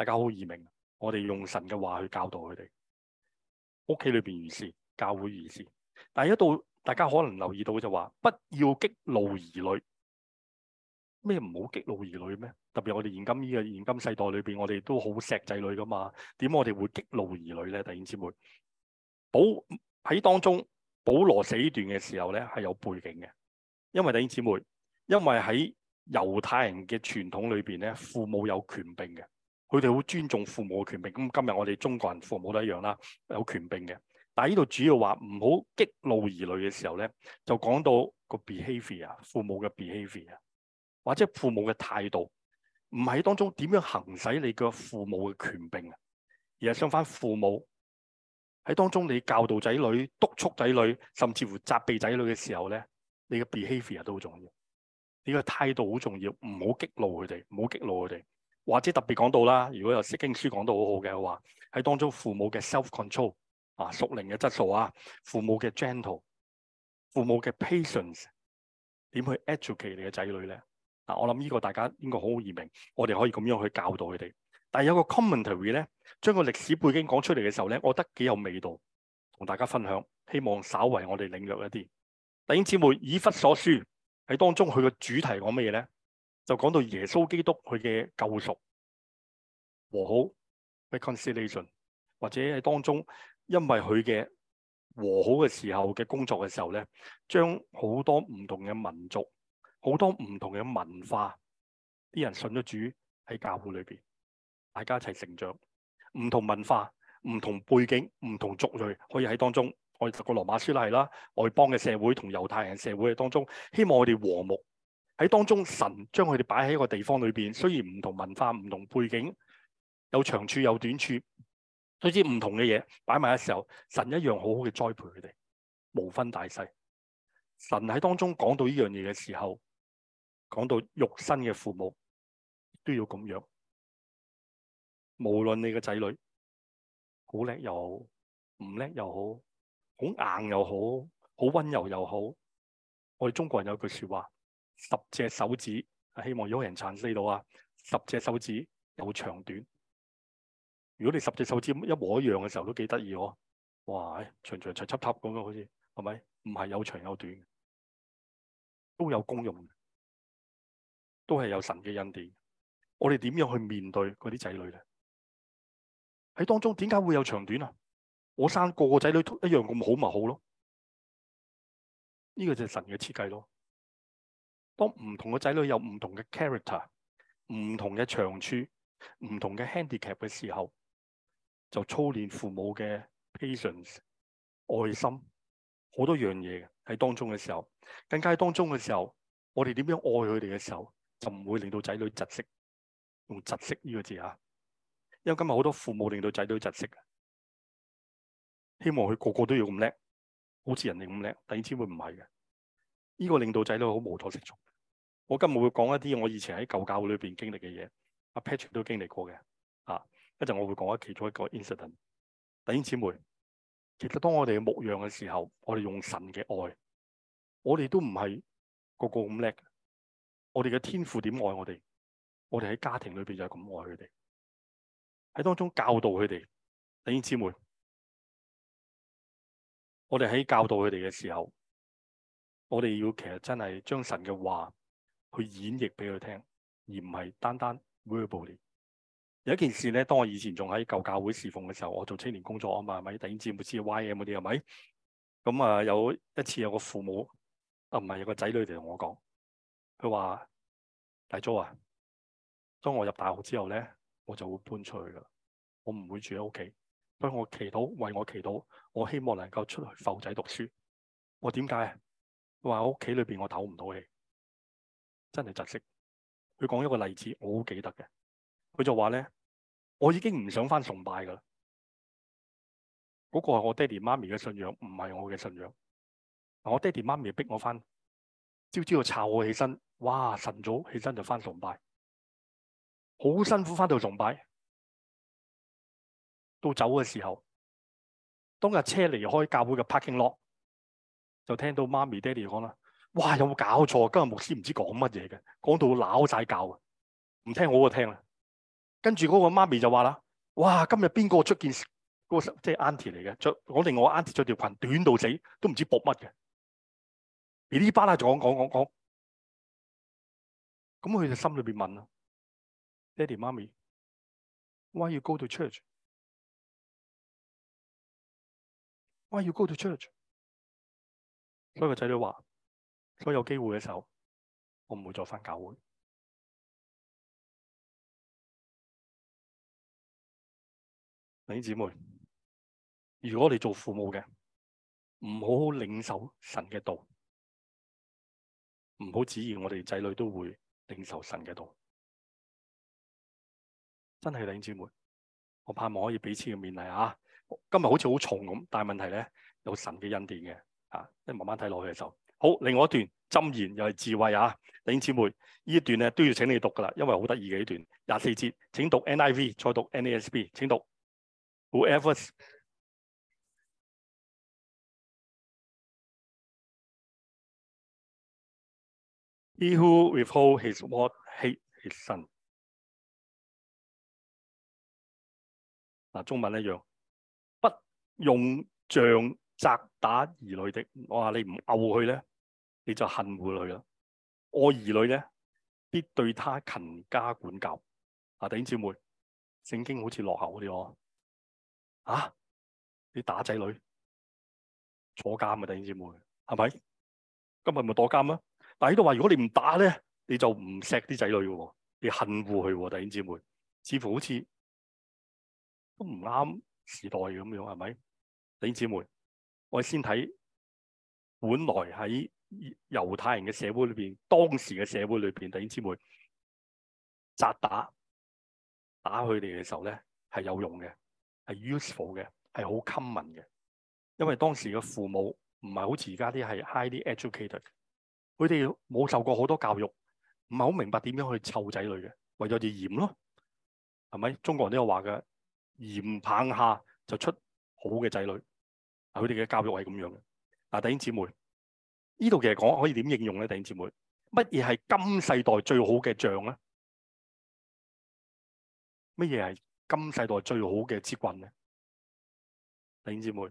大家好易明，我哋用神嘅話去教導佢哋。屋企裏邊如是，教會如是。但係一到大家可能留意到就話，不要激怒兒女。咩唔好激怒兒女咩？特別我哋現今呢個現今世代裏邊，我哋都好錫仔女噶嘛。點我哋會激怒兒女咧？弟兄姊妹，保喺當中，保羅寫呢段嘅時候咧，係有背景嘅。因為弟兄姊妹，因為喺猶太人嘅傳統裏邊咧，父母有權柄嘅。佢哋好尊重父母嘅權柄，咁今日我哋中國人父母都一樣啦，有權柄嘅。但係呢度主要話唔好激怒兒女嘅時候咧，就講到個 behaviour 啊，父母嘅 behaviour 啊，或者父母嘅態度，唔喺當中點樣行使你嘅父母嘅權柄啊，而係相反父母喺當中你教導仔女、督促仔女，甚至乎責備仔女嘅時候咧，你嘅 behaviour 都好重要，你嘅態度好重要，唔好激怒佢哋，唔好激怒佢哋。或者特別講到啦，如果有《聖經書》講到好好嘅話，喺當中父母嘅 self control 啊，屬靈嘅質素啊，父母嘅 gentle，父母嘅 patience，點去 educate 你嘅仔女咧？嗱、啊，我諗呢個大家應該好好認明，我哋可以咁樣去教導佢哋。但係有個 commentary 咧，將個歷史背景講出嚟嘅時候咧，我覺得幾有味道，同大家分享，希望稍為我哋領略一啲。弟兄姊妹，以弗所書喺當中佢個主題講乜嘢咧？就講到耶穌基督佢嘅救贖和好，reconciliation，或者喺當中，因為佢嘅和好嘅時候嘅工作嘅時候咧，將好多唔同嘅民族、好多唔同嘅文化，啲人信咗主喺教會裏邊，大家一齊成長，唔同文化、唔同背景、唔同族裔可以喺當中，我哋讀過羅馬書啦係啦，外邦嘅社會同猶太人社會嘅當中，希望我哋和睦。喺當中，神將佢哋擺喺一個地方裏邊，雖然唔同文化、唔同背景，有長處有短處，總之唔同嘅嘢擺埋嘅時候，神一樣好好嘅栽培佢哋，無分大細。神喺當中講到呢樣嘢嘅時候，講到肉身嘅父母都要咁樣，無論你嘅仔女好叻又好，唔叻又好，好硬又好，好温柔又好。我哋中國人有一句說話。十隻手指，希望有人殘死到啊！十隻手指有長短。如果你十隻手指一模一樣嘅時候，都幾得意哦！哇，長長長插插咁樣，好似係咪？唔係有長有短，都有功用，都係有神嘅恩典的。我哋點樣去面對嗰啲仔女咧？喺當中點解會有長短啊？我生個個仔女一樣咁好，咪好咯？呢個就係神嘅設計咯。當唔同嘅仔女有唔同嘅 character、唔同嘅長處、唔同嘅 handicap 嘅時候，就操練父母嘅 patience、愛心，好多樣嘢喺當中嘅時候，更加喺當中嘅時候，我哋點樣愛佢哋嘅時候，就唔會令到仔女窒息。用窒息呢個字啊，因為今日好多父母令到仔女窒息嘅，希望佢個個都要咁叻，好似人哋咁叻，第二次會唔係嘅，呢、這個令到仔女好無所適從。我今日會講一啲我以前喺舊教會裏邊經歷嘅嘢，阿 Patrick 都經歷過嘅，啊，一陣我會講一其中一個 incident。弟兄姊妹，其實當我哋牧養嘅時候，我哋用神嘅愛，我哋都唔係個個咁叻，我哋嘅天父點愛我哋，我哋喺家庭裏邊就係咁愛佢哋，喺當中教導佢哋。弟兄姊妹，我哋喺教導佢哋嘅時候，我哋要其實真係將神嘅話，去演繹俾佢聽，而唔係單單 verbally。有一件事咧，當我以前仲喺舊教會侍奉嘅時候，我做青年工作啊嘛，係咪頂知唔知歪嘢嗰啲，係咪？咁啊，有一次有個父母啊，唔係有個仔女嚟同我講，佢話 Dai Joe 啊，當我入大學之後咧，我就會搬出去噶啦，我唔會住喺屋企。幫我祈禱，為我祈禱，我希望能夠出去埠仔讀書。我點解啊？佢話我屋企裏邊我唞唔到氣。真係窒息。佢講一個例子，我好記得嘅。佢就話咧：，我已經唔想翻崇拜噶啦。嗰個係我爹哋媽咪嘅信仰，唔係我嘅信仰。我爹哋媽咪逼我翻，朝朝要查我起身。哇！晨早起身就翻崇拜，好辛苦翻到崇拜。到走嘅時候，當日車離開教會嘅 parking lot，就聽到媽咪爹哋講啦。哇！有冇搞錯？今日牧師唔知講乜嘢嘅，講到鬧晒交，唔聽我就聽啦。跟住嗰個媽咪就話啦：，哇！今日邊、那個出件個即係 aunty 嚟嘅，着、就是、我哋我 aunty 着條裙短到死，都唔知搏乜嘅。而呢班啊，就講講講講。咁佢就心裏邊問啦：，爹哋媽咪，why you go to church？Why you go to church？所以、嗰個仔女話。所以有機會嘅時候，我唔會再返教會。弟兄姊妹，如果我哋做父母嘅，唔好好領受神嘅道，唔好指意我哋仔女都會領受神嘅道。真係，弟兄姊妹，我盼望可以彼此嘅勉勵啊！今日好似好重咁，但係問題咧有神嘅恩典嘅啊，即係慢慢睇落去嘅時候。好，另外一段箴言又係智慧啊，弟兄姊妹，呢一段咧都要請你讀㗎喇，因為好得意嘅呢段，廿四節，請讀 NIV，再讀 NASB，請讀 Whoever he who withhold his rod hate his son。啊，中文一樣，不用杖責打兒女的，我話你唔漚佢咧。你就恨護佢咯，愛兒女咧，必對他勤加管教。啊，弟兄姊妹，聖經好似落後啲喎，啊，你打仔女坐監咪、啊？弟兄姊妹係咪？今日咪坐監咯、啊。但係都話，如果你唔打咧，你就唔錫啲仔女噶，你恨護佢、啊。弟兄姊妹，似乎好似都唔啱時代咁樣，係咪？弟兄姊妹，我先睇本來喺。猶太人嘅社會裏邊，當時嘅社會裏邊，弟兄姊妹紮打打佢哋嘅時候咧，係有用嘅，係 useful 嘅，係好 common 嘅。因為當時嘅父母唔係好似而家啲係 highly educated，佢哋冇受過好多教育，唔係好明白點樣去湊仔女嘅，為咗啲嚴咯，係咪？中國人都有話嘅，嚴棒下就出好嘅仔女，佢哋嘅教育係咁樣嘅。嗱，弟兄姊妹。呢度其實講可以點應用咧，弟兄姊妹，乜嘢係今世代最好嘅杖咧？乜嘢係今世代最好嘅指棍咧？弟兄姊妹，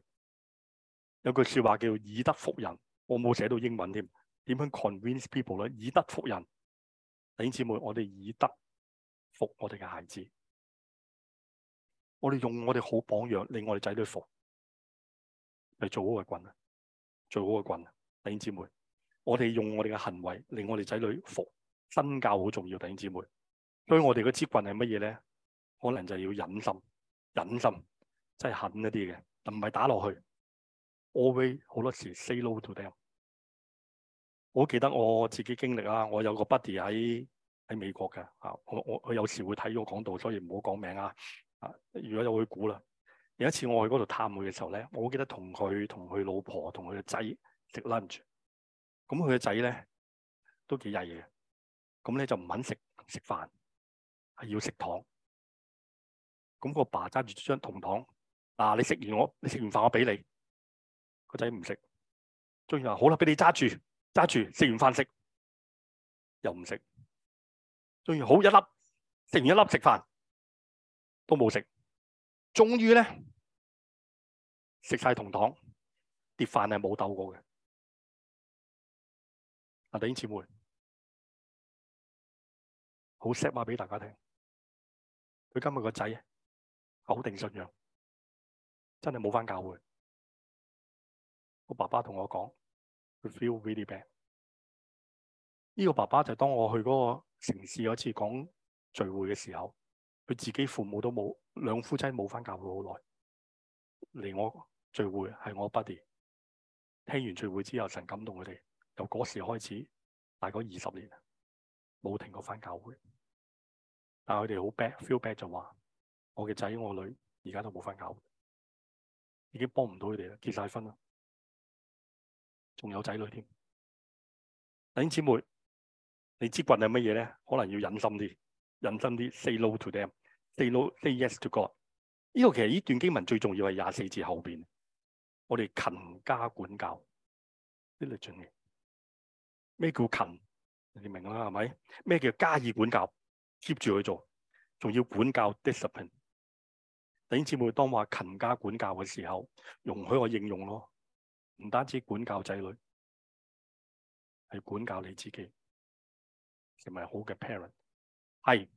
有句説話叫以德服人，我冇寫到英文添，點樣 convince people 咧？以德服人，弟兄姊妹，我哋以德服我哋嘅孩子，我哋用我哋好榜樣，令我哋仔女服嚟做好嘅棍啊，做好個棍啊！弟兄姊妹，我哋用我哋嘅行為令我哋仔女服，身教好重要。弟兄姊妹，所以我哋嘅接棍係乜嘢咧？可能就係要忍心、忍心，即係狠一啲嘅，但唔係打落去。Always 好多時 say no to them。我記得我自己經歷啊，我有個 buddy 喺喺美國嘅啊，我我佢有時會睇我講道，所以唔好講名啊啊。如果有去估啦，有一次我去嗰度探佢嘅時候咧，我記得同佢、同佢老婆、同佢嘅仔，食 lunch，咁佢個仔咧都幾曳嘅，咁咧就唔肯食食飯，係要食糖。咁個爸揸住張糖，嗱、啊、你食完我，你食完飯我俾你。個仔唔食，終於話好啦，俾你揸住揸住，食完飯食，又唔食。終於好一粒，食完一粒食飯都冇食。終於咧食晒糖，啲飯係冇鬥過嘅。啊！第二次會好 set 話俾大家聽，佢今日個仔否定信仰，真係冇翻教會。我爸爸同我講，佢 feel really bad。呢、這個爸爸就是當我去嗰個城市嗰次講聚會嘅時候，佢自己父母都冇，兩夫妻冇翻教會好耐。嚟我聚會係我 daddy，聽完聚會之後，神感動佢哋。由嗰時開始，大概二十年啦冇停過翻教會，但係佢哋好 bad，feel bad 就話：我嘅仔我女而家都冇翻教會，已經幫唔到佢哋啦，結晒婚啦，仲有仔女添。弟兄姊妹，你知棍係乜嘢咧？可能要忍心啲，忍心啲，say no to them，say no say yes to God。呢個其實呢段經文最重要係廿四字後邊，我哋勤加管教，啲嚟俊嘅。咩叫勤？你明啦，係咪？咩叫加以管教？keep 住去做，仲要管教 discipline。弟兄姊妹，當話勤加管教嘅時候，容許我應用咯。唔單止管教仔女，係管教你自己，成為好嘅 parent？係。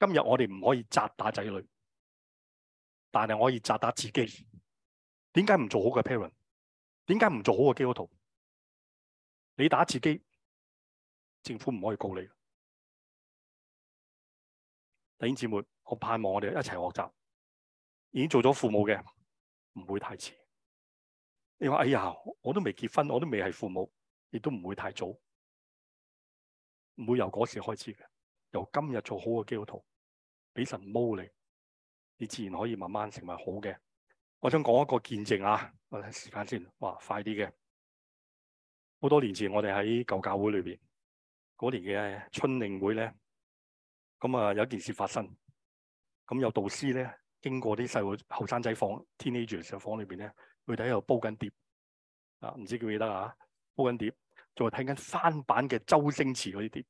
今日我哋唔可以責打仔女，但係我可以責打自己。點解唔做好嘅 parent？點解唔做好嘅基督徒？你打自己。政府唔可以告你嘅。弟兄姊妹，我盼望我哋一齊學習。已經做咗父母嘅，唔會太遲。你話哎呀，我都未結婚，我都未係父母，亦都唔會太早。唔會由嗰時開始嘅，由今日做好嘅基督徒，俾神 mould 你，你自然可以慢慢成為好嘅。我想講一個見證啊，我睇時間先，哇，快啲嘅。好多年前我哋喺舊教會裏邊。嗰年嘅春令會咧，咁啊有一件事發生，咁有導師咧經過啲細路後生仔房，teenagers 嘅房裏邊咧，佢哋喺度煲緊碟啊，唔知記唔記得啊？煲緊碟仲係睇緊翻版嘅周星馳嗰啲碟，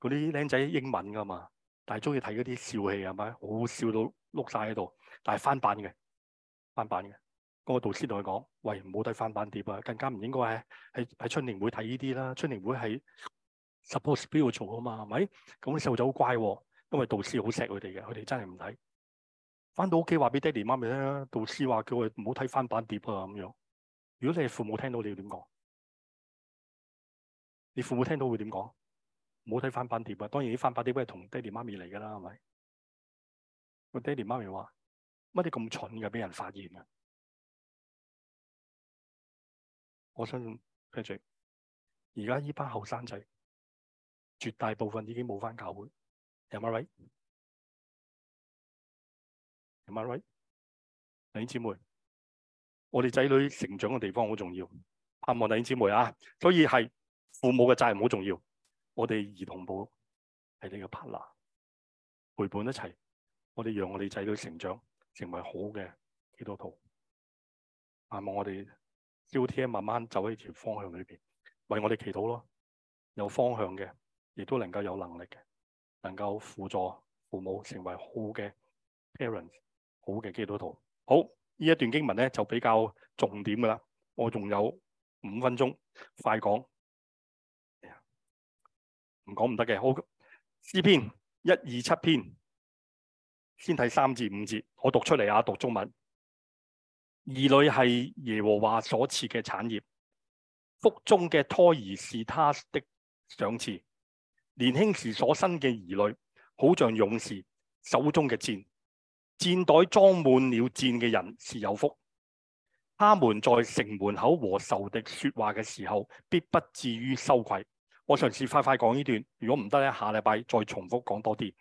嗰啲僆仔英文噶嘛，但係中意睇嗰啲笑戲係咪？好笑到碌晒喺度，但係翻版嘅翻版嘅嗰、嗰個導師同佢講：，喂，唔好睇翻版碟啊，更加唔應該喺喺春令會睇呢啲啦。春令會喺…… support 做啊嘛，係咪、right? right? re really？咁你細路仔好乖，因為導師好錫佢哋嘅，佢哋真係唔睇。翻到屋企話俾爹哋媽咪聽，導師話叫佢唔好睇翻版碟啊咁樣。如果你係父母聽到，你要點講？你父母聽到會點講？唔好睇翻版碟啊！當然啲翻版碟都係同爹哋媽咪嚟噶啦，係咪？個爹哋媽咪話乜啲咁蠢嘅俾人發現啊！我相信 Patrick，而家呢班後生仔。絕大部分已經冇返教會，係咪啊？係咪啊？弟兄姊妹，我哋仔女成長嘅地方好重要，盼望弟兄姊妹啊。所以係父母嘅責任好重要。我哋兒童部係你嘅 partner，陪伴一齊，我哋讓我哋仔女成長，成為好嘅基督徒。盼望我哋 j 天慢慢走喺條方向裏邊，為我哋祈禱咯，有方向嘅。亦都能夠有能力嘅，能夠輔助父母成為好嘅 parents，好嘅基督徒。好，呢一段經文咧就比較重點噶啦。我仲有五分鐘，快講，唔講唔得嘅。好，詩篇一二七篇，先睇三至五節，我讀出嚟啊，讀中文。兒女係耶和華所賜嘅產業，腹中嘅胎兒是他的賞賜。年輕時所生嘅兒女，好像勇士手中嘅箭，箭袋裝滿了箭嘅人是有福。他們在城門口和仇敵說話嘅時候，必不至於羞愧。我嘗試快快講呢段，如果唔得咧，下禮拜再重複講多啲。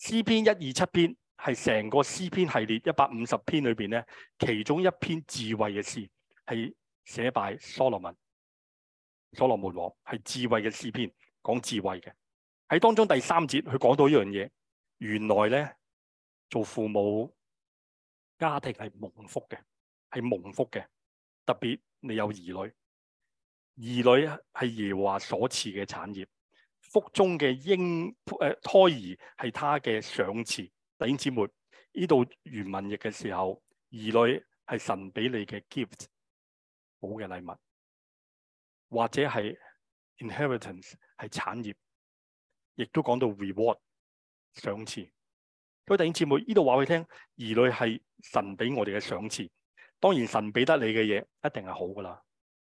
詩篇一二七篇係成個詩篇系列一百五十篇裏邊咧，其中一篇智慧嘅詩係寫拜所羅門，所羅門王係智慧嘅詩篇，講智慧嘅。喺當中第三節，佢講到一樣嘢，原來咧，做父母家庭係蒙福嘅，係蒙福嘅。特別你有兒女，兒女係耶和華所賜嘅產業，腹中嘅嬰誒、呃、胎兒係他嘅賞賜。弟兄姊妹，呢度原文譯嘅時候，兒女係神俾你嘅 gift，好嘅禮物，或者係 inheritance 係產業。亦都講到 reward 賞賜，各位弟兄姊妹，依度話俾你聽，兒女係神俾我哋嘅賞賜。當然神俾得你嘅嘢一定係好噶啦，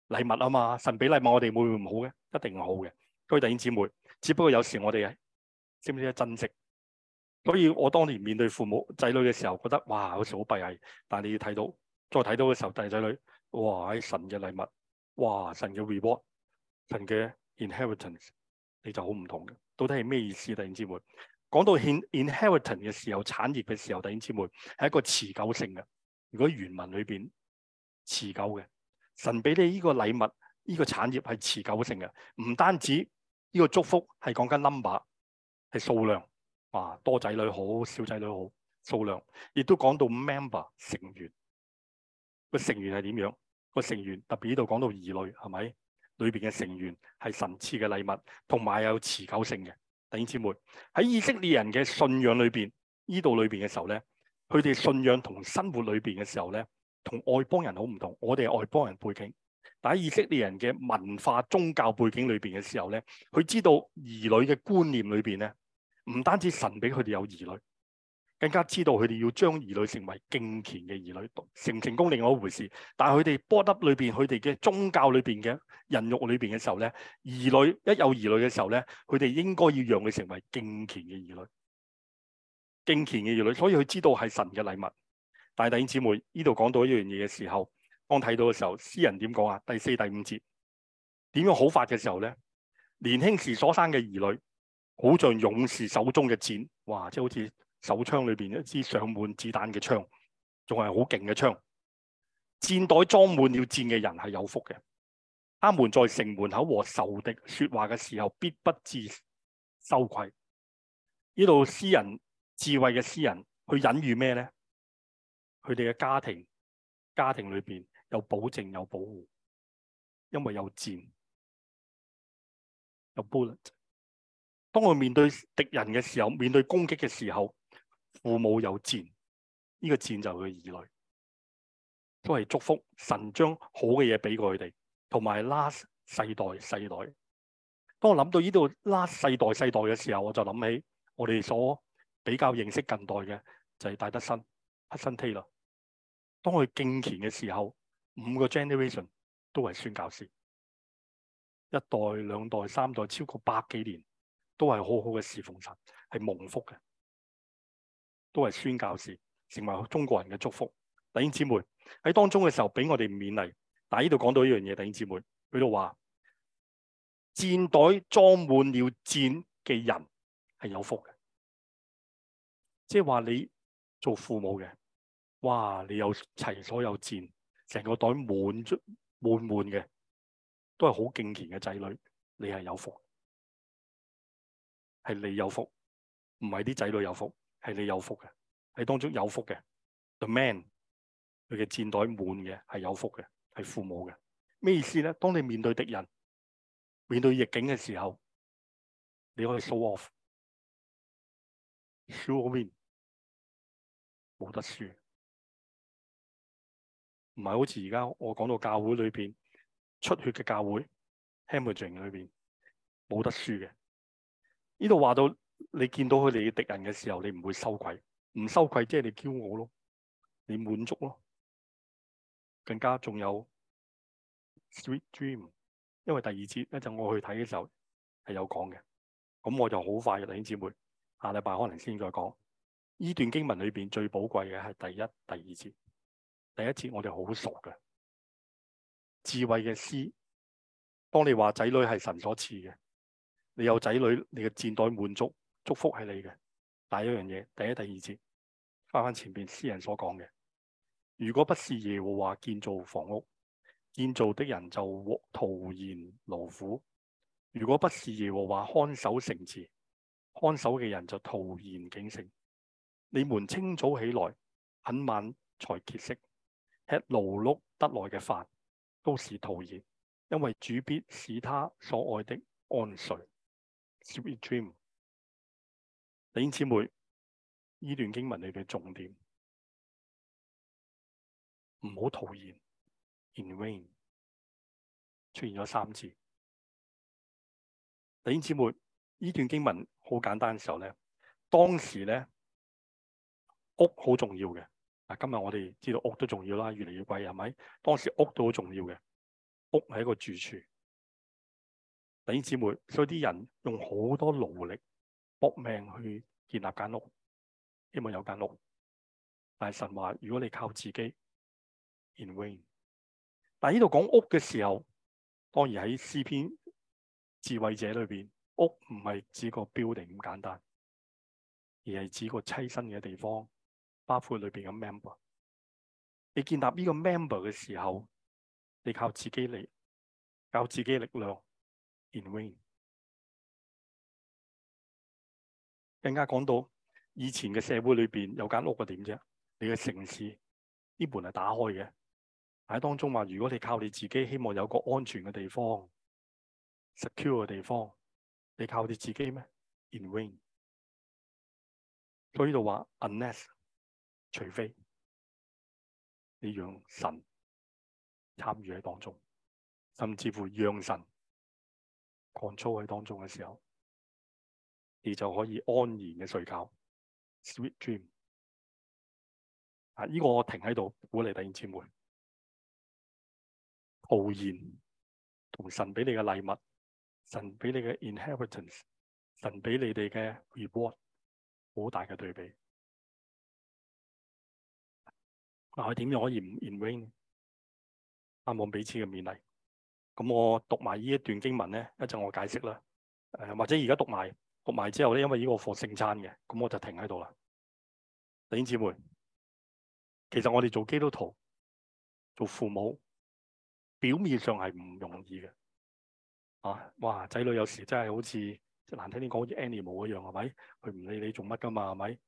禮物啊嘛，神俾禮物我哋會唔會唔好嘅？一定唔好嘅。各位弟兄姊妹，只不過有時我哋，知唔知啊？珍惜。所以我當年面對父母仔女嘅時候，覺得哇，好時好閉翳。但係你要睇到再睇到嘅時候，第仔女，哇！神嘅禮物，哇！神嘅 reward，神嘅 inheritance。你就好唔同嘅。到底係咩意思？弟兄姊妹，講到 inheritance 嘅時候，產業嘅時候，弟兄姊妹係一個持久性嘅。如果原文裏面，持久嘅，神俾你呢個禮物、呢、呢個產業係持久性嘅，唔單止呢個祝福係講緊 number 係數量，啊多仔女好少仔女好數量，亦都講到 member 成員，個成員係點樣？個成員特別呢度講到兒女係咪？裏邊嘅成員係神賜嘅禮物，同埋有持久性嘅。弟兄姊妹喺以色列人嘅信仰裏邊，呢度裏邊嘅時候咧，佢哋信仰同生活裏邊嘅時候咧，同外邦人好唔同。我哋係外邦人背景，但喺以色列人嘅文化宗教背景裏邊嘅時候咧，佢知道兒女嘅觀念裏邊咧，唔單止神俾佢哋有兒女。更加知道佢哋要將兒女成為敬虔嘅兒女，成唔成功另外一回事。但係佢哋波得裏邊，佢哋嘅宗教裏邊嘅人肉裏邊嘅時候咧，兒女一有兒女嘅時候咧，佢哋應該要讓佢成為敬虔嘅兒女，敬虔嘅兒女。所以佢知道係神嘅禮物。但弟兄姊妹，呢度講到一樣嘢嘅時候，我睇到嘅時候，詩人點講啊？第四、第五節，點樣好法嘅時候咧？年輕時所生嘅兒女，好像勇士手中嘅箭，哇！即係好似。手槍裏邊一支上滿子彈嘅槍，仲係好勁嘅槍。箭袋裝滿了箭嘅人係有福嘅。他們在城門口和仇敵說話嘅時候，必不致羞愧。呢度私人智慧嘅私人，去隱喻咩咧？佢哋嘅家庭，家庭裏邊有保證有保護，因為有箭有 bullet。當佢面對敵人嘅時候，面對攻擊嘅時候。父母有戰，呢、這個戰就佢兒女，都係祝福，神將好嘅嘢俾過佢哋，同埋拉世代世代。當我諗到呢度拉世代世代嘅時候，我就諗起我哋所比較認識近代嘅就係戴德森、黑森 Taylor。當佢敬虔嘅時候，五個 generation 都係宣教師，一代、兩代、三代，超過百幾年都係好好嘅侍奉神，係蒙福嘅。都係宣教士成為中國人嘅祝福。弟兄姊妹喺當中嘅時候俾我哋勉勵，但係呢度講到一樣嘢，弟兄姊妹佢就話：箭袋裝滿了箭嘅人係有福嘅，即係話你做父母嘅，哇！你有齊所有箭，成個袋滿足滿滿嘅，都係好敬虔嘅仔女，你係有福，係你有福，唔係啲仔女有福。係你有福嘅，喺當中有福嘅，the man 佢嘅箭袋滿嘅，係有福嘅，係父母嘅。咩意思咧？當你面對敵人、面對逆境嘅時候，你可以 show off，show win，冇得輸。唔係好似而家我講到教會裏面出血嘅教會，hemorrhaging 裏 [LAUGHS] 面冇得輸嘅。呢度話到。你見到佢哋嘅敵人嘅時候，你唔會羞愧，唔羞愧即係你驕傲咯，你滿足咯，更加仲有 sweet dream。因為第二節一陣我去睇嘅時候係有講嘅，咁我就好快嘅弟兄姊妹，下禮拜可能先再講。呢段經文裏面最寶貴嘅係第一、第二節。第一節我哋好熟嘅，智慧嘅詩，當你話仔女係神所賜嘅，你有仔女，你嘅戰袋滿足。祝福係你嘅，第一樣嘢。第一、第二節，翻翻前邊詩人所講嘅。如果不是耶和華建造房屋，建造的人就徒然勞苦；如果不是耶和華看守城池，看守嘅人就徒然警醒。你們清早起來，很晚才歇息，吃勞碌得來嘅飯，都是徒然，因為主必使他所愛的安睡。Sweet dream。弟兄姊妹，呢段經文裏邊重點唔好徒然 in vain 出現咗三次。弟兄姊妹，呢段經文好簡單嘅時候咧，當時咧，屋好重要嘅。啊，今日我哋知道屋都重要啦，越嚟越貴係咪？當時屋都好重要嘅，屋係一個住處。弟兄姊妹，所以啲人用好多勞力。搏命去建立間屋，希望有間屋。但係神話，如果你靠自己，in vain。但呢度講屋嘅時候，當然喺詩篇智慧者裏邊，屋唔係指一個 building 咁簡單，而係指一個棲身嘅地方，包括裏邊嘅 member。你建立呢個 member 嘅時候，你靠自己嚟，靠自己的力量，in vain。更加講到以前嘅社會裏面，有間屋嘅點啫？你嘅城市啲門係打開嘅，喺當中話如果你靠你自己，希望有個安全嘅地方、secure 嘅地方，你靠你自己咩？In vain。所以度話 unless 除非你讓神參與喺當中，甚至乎讓神控制喺當中嘅時候。你就可以安然嘅睡覺，sweet dream。啊，呢、這個我停喺度，鼓勵弟兄姊妹傲然同神俾你嘅禮物，神俾你嘅 inheritance，神俾你哋嘅 reward，好大嘅對比。嗱、啊，我點樣可以 enrave？盼望彼此嘅勉勵。咁我讀埋呢一段經文咧，一陣我解釋啦。誒、啊，或者而家讀埋。讀埋之後咧，因為呢個課聖餐嘅，咁我就停喺度啦。弟兄姊妹，其實我哋做基督徒、做父母，表面上係唔容易嘅。啊，哇，仔女有時真係好似即係難聽啲講，好似 animal 一樣，係咪？佢唔理你做乜噶嘛，係咪？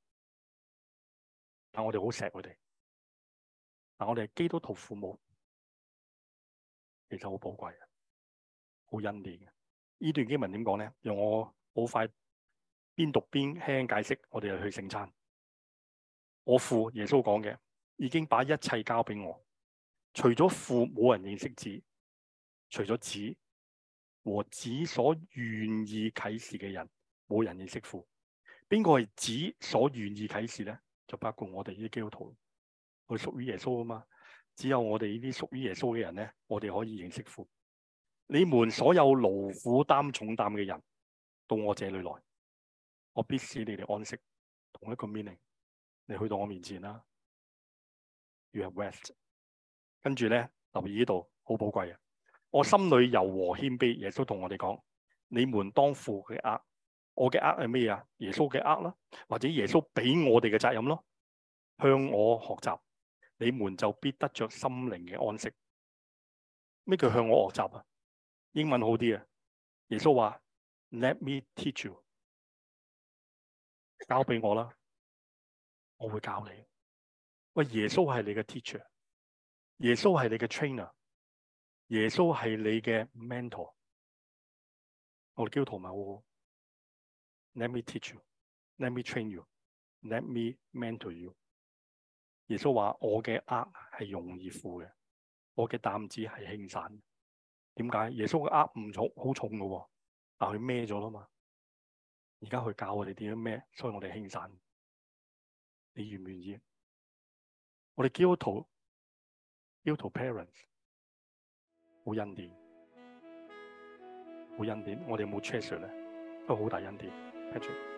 但我哋好錫佢哋，但我哋係基督徒父母其實好寶貴嘅，好恩典嘅。呢段經文點講咧？用我好快。邊讀邊，輕輕解釋，我哋又去聖餐。我父耶穌講嘅，已經把一切交俾我。除咗父，冇人認識子；除咗子和子所願意啟示嘅人，冇人認識父。邊個係子所願意啟示咧？就包括我哋呢啲基督徒，佢屬於耶穌啊嘛。只有我哋呢啲屬於耶穌嘅人咧，我哋可以認識父。你們所有勞苦擔重擔嘅人，到我這裏來。我必使你哋安息，同一個 meaning，你去到我面前啦，You have rest 跟。跟住咧，留意呢度好寶貴啊！我心裏柔和謙卑，耶穌同我哋講：你們當負嘅軛，我嘅軛係咩啊？耶穌嘅軛啦，或者耶穌俾我哋嘅責任咯。向我學習，你們就必得着心靈嘅安息。咩叫向我學習啊？英文好啲啊！耶穌話：Let me teach you。交俾我啦，我會教你。喂，耶穌係你嘅 teacher，耶穌係你嘅 trainer，耶穌係你嘅 mentor。我叫基督徒好 Let me teach you，Let me train you，Let me mentor you。耶穌話：我嘅軛係容易負嘅，我嘅擔子係輕省。點解？耶穌嘅軛唔重，好重噶喎，但佢孭咗啦嘛。而家佢教我哋點樣咩？所以我哋興散。你願唔願意？我哋基督徒，基督徒 parents，好恩典，好恩典。我哋有冇 treasure 咧？都好大恩典。Patrick